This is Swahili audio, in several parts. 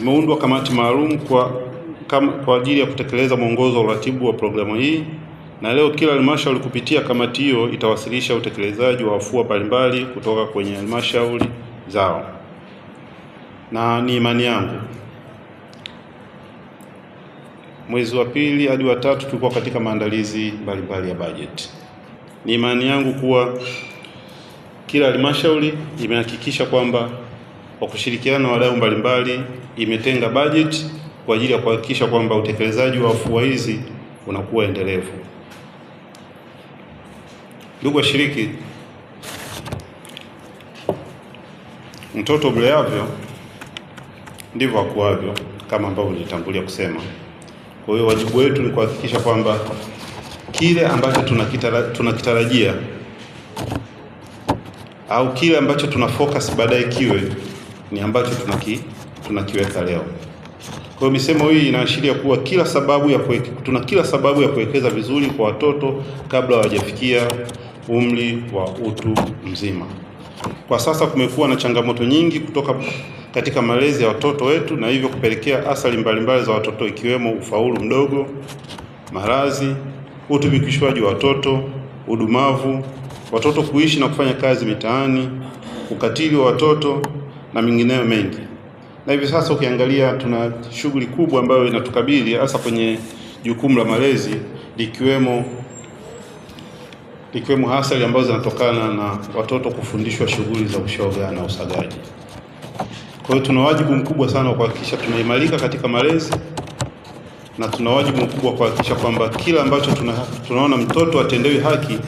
Zimeundwa kamati maalum kwa, kam, kwa ajili ya kutekeleza mwongozo wa uratibu wa programu hii na leo kila halmashauri kupitia kamati hiyo itawasilisha utekelezaji wa afua mbalimbali kutoka kwenye halmashauri zao, na ni imani yangu mwezi wa pili hadi wa tatu tulikuwa katika maandalizi mbalimbali ya bajeti. Ni imani yangu kuwa kila halmashauri imehakikisha kwamba kwa kushirikiana na wadau mbalimbali imetenga bajeti kwa ajili ya kuhakikisha kwamba utekelezaji wa afua hizi unakuwa endelevu. Ndugu washiriki, mtoto mleavyo ndivyo akuavyo, kama ambavyo nilitangulia kusema. Kwa hiyo wajibu wetu ni kuhakikisha kwamba kile ambacho tunakitarajia au kile ambacho tuna focus baadaye kiwe ni ambacho tunaki tunakiweka leo. Kwa hiyo misemo hii inaashiria kuwa kila sababu ya kuweke, tuna kila sababu ya kuwekeza vizuri kwa watoto kabla hawajafikia umri wa utu mzima. Kwa sasa kumekuwa na changamoto nyingi kutoka katika malezi ya watoto wetu na hivyo kupelekea athari mbalimbali za watoto ikiwemo ufaulu mdogo, maradhi, utumikishwaji wa watoto, udumavu, watoto kuishi na kufanya kazi mitaani, ukatili wa watoto na mingineyo mengi. Na hivi sasa ukiangalia, tuna shughuli kubwa ambayo inatukabili hasa kwenye jukumu la malezi likiwemo ikiwemo hasara ambazo zinatokana na watoto kufundishwa shughuli za ushoga na usagaji. Kwa hiyo tuna wajibu mkubwa sana wa kuhakikisha tunaimarika katika malezi na tuna wajibu mkubwa kuhakikisha kwamba kila ambacho tuna, tunaona mtoto atendewi haki,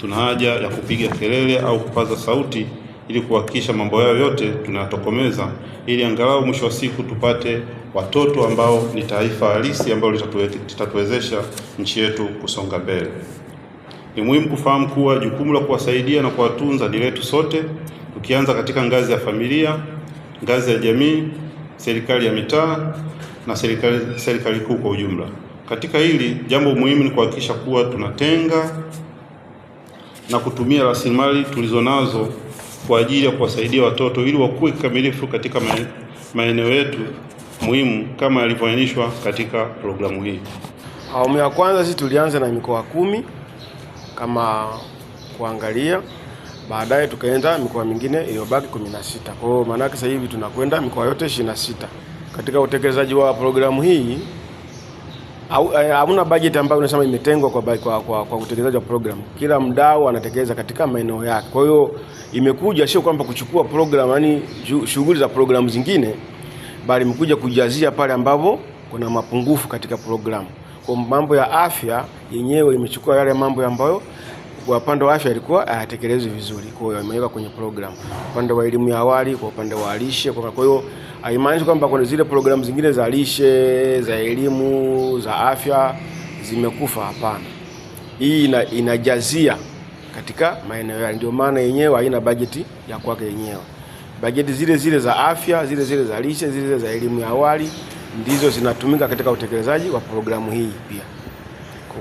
tuna haja ya kupiga kelele au kupaza sauti ili kuhakikisha mambo yao yote tunayatokomeza ili angalau mwisho wa siku tupate watoto ambao ni taifa halisi ambalo litatuwezesha nchi yetu kusonga mbele. Ni muhimu kufahamu kuwa jukumu la kuwasaidia na kuwatunza ni letu sote, tukianza katika ngazi ya familia, ngazi ya jamii, serikali ya mitaa na serikali, serikali kuu kwa ujumla. Katika hili jambo muhimu ni kuhakikisha kuwa tunatenga na kutumia rasilimali tulizonazo kwa ajili ya kuwasaidia watoto ili wakuwe kikamilifu katika maeneo yetu muhimu kama yalivyoainishwa katika programu hii. Awamu ya kwanza sisi tulianza na mikoa kumi kama kuangalia, baadaye tukaenda mikoa mingine iliyobaki 16. Kwa hiyo maana sasa hivi tunakwenda mikoa yote 26 katika utekelezaji wa programu hii. Eh, Hamna bajeti ambayo unasema imetengwa kwa, kwa, kwa, kwa utekelezaji wa program. Kila mdau anatekeleza katika maeneo yake. Kwa hiyo imekuja sio kwamba kuchukua program, yani shughuli za programu zingine, bali imekuja kujazia pale ambapo kuna mapungufu katika programu. Kwa mambo ya afya yenyewe imechukua yale mambo ambayo kwa upande wa afya ilikuwa hayatekelezwi vizuri, kwa hiyo imeweka kwenye programu. Upande wa elimu ya awali, kwa upande wa lishe, kwa hiyo haimaanishi kwamba kuna zile programu zingine za lishe, za elimu, za afya zimekufa. Hapana, hii ina, inajazia katika maeneo yale, ndio maana yenyewe haina bajeti ya kwake yenyewe. Bajeti zile zile za afya, zile zile za lishe, zile zile za elimu ya awali ndizo zinatumika katika utekelezaji wa programu hii pia.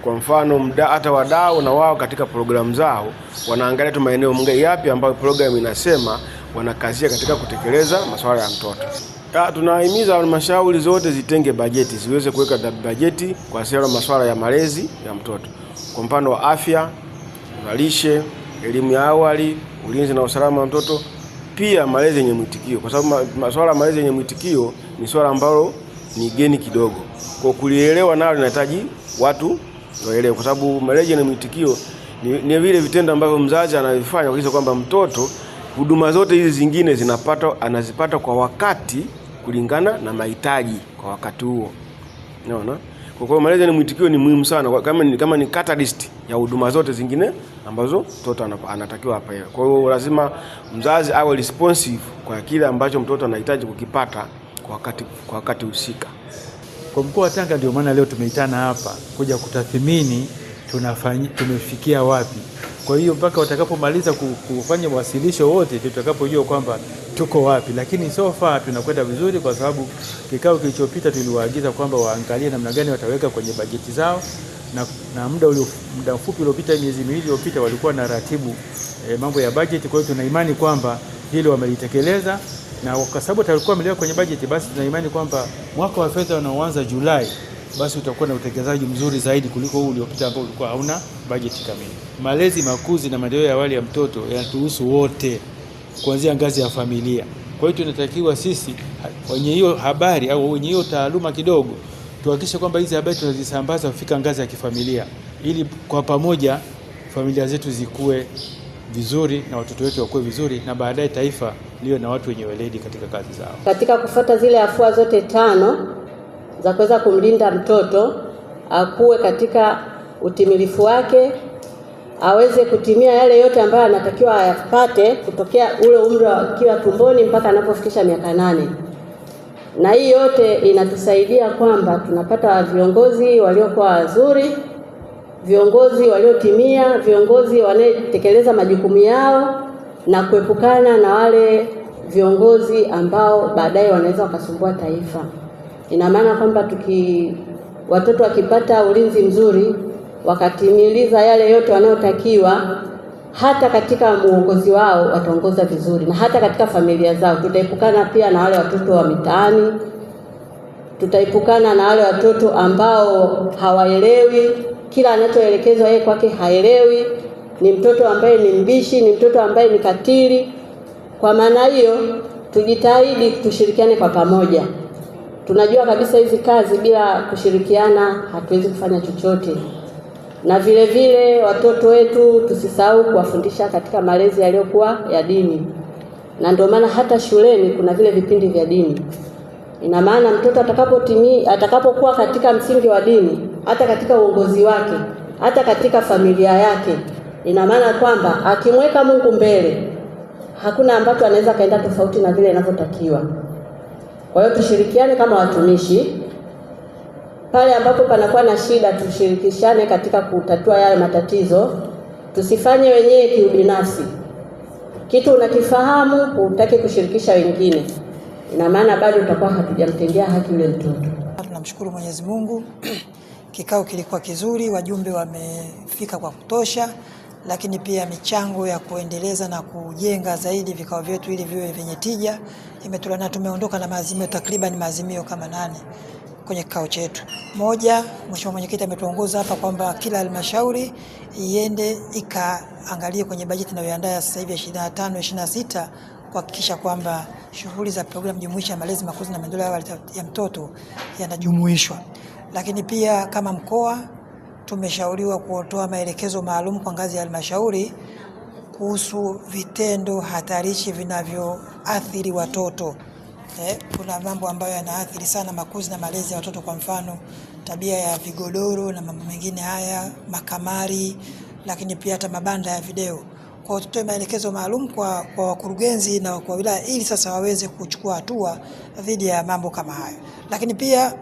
Kwa mfano mda, hata wadau na wao katika programu zao wanaangalia tu maeneo mngai yapi ambayo programu inasema wanakazia katika kutekeleza masuala ya mtoto. Ya, ah, tunahimiza halmashauri zote zitenge bajeti ziweze kuweka bajeti kwa sera masuala ya malezi ya mtoto, kwa mfano wa afya, lishe, elimu ya awali, ulinzi na usalama wa mtoto, pia malezi yenye mwitikio, kwa sababu masuala ya malezi yenye mwitikio ni swala ambalo ni geni kidogo, kwa kulielewa nalo linahitaji watu waelewe, kwa sababu malezi yenye mwitikio ni, ni vile vitendo ambavyo mzazi anavifanya kuhakikisha kwamba mtoto huduma zote hizi zingine zinapata, anazipata kwa wakati kulingana na mahitaji kwa wakati huo. Unaona? Kwa hiyo malezi ni mwitikio ni muhimu sana kama ni, kama ni catalyst ya huduma zote zingine ambazo mtoto anatakiwa apewe. Kwa hiyo lazima mzazi awe responsive kwa kile ambacho mtoto anahitaji kukipata kwa wakati kwa wakati husika. Kwa mkoa wa Tanga ndio maana leo tumeitana hapa kuja kutathmini tumefikia wapi. Kwa hiyo mpaka watakapomaliza kufanya wasilisho wote, tutakapojua kwamba tuko wapi, lakini so far tunakwenda vizuri, kwa sababu kikao kilichopita tuliwaagiza kwamba waangalie namna gani wataweka kwenye bajeti zao na, na muda ulio muda mfupi uliopita miezi miwili iliyopita walikuwa na ratibu e, mambo ya bajeti. Kwa hiyo tuna imani kwamba hilo wamelitekeleza, na kwa sababu tulikuwa wameliweka kwenye bajeti, basi tuna imani kwamba mwaka wa fedha unaoanza Julai basi utakuwa na utekelezaji mzuri zaidi kuliko huu uliopita ambao ulikuwa hauna bajeti kamili. Malezi, makuzi na maendeleo ya awali ya mtoto yanatuhusu wote kuanzia ngazi ya familia. Kwa hiyo tunatakiwa sisi wenye hiyo habari au wenye hiyo taaluma kidogo tuhakikishe kwamba hizi habari tunazisambaza kufika ngazi ya kifamilia, ili kwa pamoja familia zetu zikue vizuri na watoto wetu wakue vizuri, na baadaye taifa liwe na watu wenye weledi katika kazi zao, katika kufuata zile afua zote tano za kuweza kumlinda mtoto akuwe katika utimilifu wake, aweze kutimia yale yote ambayo anatakiwa ayapate kutokea ule umri akiwa tumboni mpaka anapofikisha miaka nane. Na hii yote inatusaidia kwamba tunapata viongozi waliokuwa wazuri, viongozi waliotimia, viongozi wanayetekeleza majukumu yao na kuepukana na wale viongozi ambao baadaye wanaweza wakasumbua taifa. Ina maana kwamba tuki watoto wakipata ulinzi mzuri, wakatimiliza yale yote wanayotakiwa, hata katika muongozi wao wataongoza vizuri, na hata katika familia zao. Tutaepukana pia na wale watoto wa mitaani, tutaepukana na wale watoto ambao hawaelewi kila anachoelekezwa yeye kwake haelewi, ni mtoto ambaye ni mbishi, ni mtoto ambaye ni katili. Kwa maana hiyo, tujitahidi tushirikiane kwa pamoja. Tunajua kabisa hizi kazi bila kushirikiana hatuwezi kufanya chochote, na vile vile watoto wetu tusisahau kuwafundisha katika malezi yaliyokuwa ya dini, na ndio maana hata shuleni kuna vile vipindi vya dini. Ina maana mtoto atakapotimi atakapokuwa katika msingi wa dini, hata katika uongozi wake, hata katika familia yake, ina maana kwamba akimweka Mungu mbele, hakuna ambacho anaweza kaenda tofauti na vile inavyotakiwa. Kwa hiyo tushirikiane kama watumishi, pale ambapo panakuwa na shida tushirikishane katika kutatua yale matatizo, tusifanye wenyewe kiubinafsi. Kitu unakifahamu hutaki kushirikisha wengine, ina maana bado utakuwa hatujamtendea haki yule mtoto. Tunamshukuru Mwenyezi Mungu, kikao kilikuwa kizuri, wajumbe wamefika kwa kutosha lakini pia michango ya kuendeleza na kujenga zaidi vikao vyetu ili viwe vyenye tija imetolewa, na tumeondoka na maazimio takriban maazimio kama nane kwenye kikao chetu. Moja, mheshimiwa mwenyekiti ametuongoza hapa kwamba kila halmashauri iende ikaangalie kwenye bajeti inayoandaa sasa hivi ya 25 26 kuhakikisha kwamba shughuli za programu jumuishi ya malezi makuzi na maendeleo ya mtoto yanajumuishwa, lakini pia kama mkoa tumeshauriwa kutoa maelekezo maalum kwa ngazi ya halmashauri kuhusu vitendo hatarishi vinavyoathiri watoto. Eh, kuna mambo ambayo yanaathiri sana makuzi na malezi ya watoto, kwa mfano tabia ya vigodoro na mambo mengine haya, makamari, lakini pia hata mabanda ya video. Kwa hiyo tutoe maelekezo maalum kwa, kwa wakurugenzi na kwa wilaya ili sasa waweze kuchukua hatua dhidi ya mambo kama hayo, lakini pia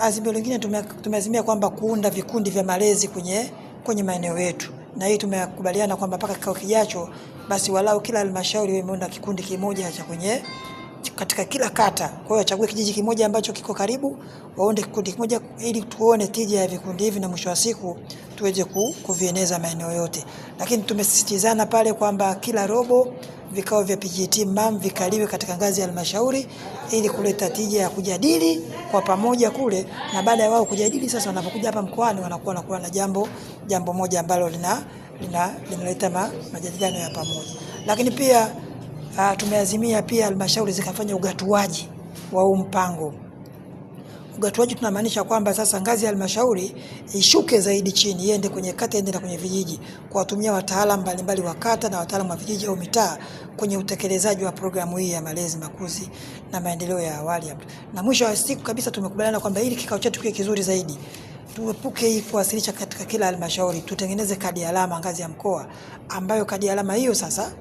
azimio lingine tumeazimia kwamba kuunda vikundi vya malezi kwenye, kwenye maeneo yetu, na hii tumekubaliana kwamba mpaka kikao kijacho, basi walau kila halmashauri imeunda kikundi kimoja cha kwenye katika kila kata. Kwa hiyo wachague kijiji kimoja ambacho kiko karibu, waunde kikundi kimoja, ili tuone tija ya vikundi hivi na mwisho wa siku tuweze kuvieneza maeneo yote. Lakini tumesisitizana pale kwamba kila robo vikao vya PGT MAM vikaliwe katika ngazi ya halmashauri ili kuleta tija ya kujadili kwa pamoja kule, na baada ya wao kujadili, sasa wanapokuja hapa mkoani wanakuwa wanakuwa na jambo jambo moja ambalo lina linaleta ma, majadiliano ya pamoja. Lakini pia uh, tumeazimia pia halmashauri zikafanya ugatuaji wa huu mpango. Ugatuaji tunamaanisha kwamba sasa ngazi ya halmashauri ishuke zaidi chini, iende kwenye kata, iende na kwenye vijiji, kwa kutumia wataalamu mbalimbali wa kata na wataalamu wa vijiji au mitaa kwenye utekelezaji wa programu hii ya malezi, makuzi na maendeleo ya awali. Na mwisho wa siku kabisa, tumekubaliana kwamba ili kikao chetu kiwe kizuri zaidi tuepuke hii kuwasilisha katika kila halmashauri, tutengeneze kadi alama ngazi ya mkoa, ambayo kadi alama hiyo sasa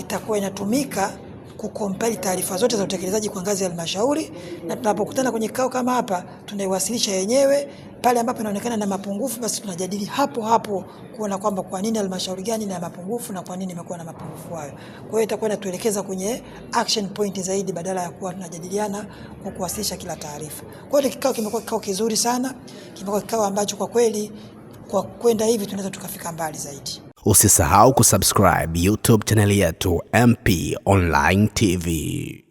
itakuwa inatumika kukompeli taarifa zote za utekelezaji kwa ngazi ya halmashauri, na tunapokutana kwenye kikao kama hapa tunaiwasilisha yenyewe. Pale ambapo inaonekana na mapungufu, basi tunajadili hapo hapo kuona kwamba kwa nini halmashauri gani na mapungufu na kwa nini imekuwa na mapungufu hayo. Kwa hiyo itakuwa inatuelekeza kwenye action point zaidi badala ya kuwa tunajadiliana kwa kuwasilisha kila taarifa. Kwa hiyo kikao kimekuwa kikao kizuri sana, kimekuwa kikao ambacho kwa kweli kwa kwenda hivi tunaweza tukafika mbali zaidi. Usisahau kusubscribe YouTube chaneli yetu MP Online TV.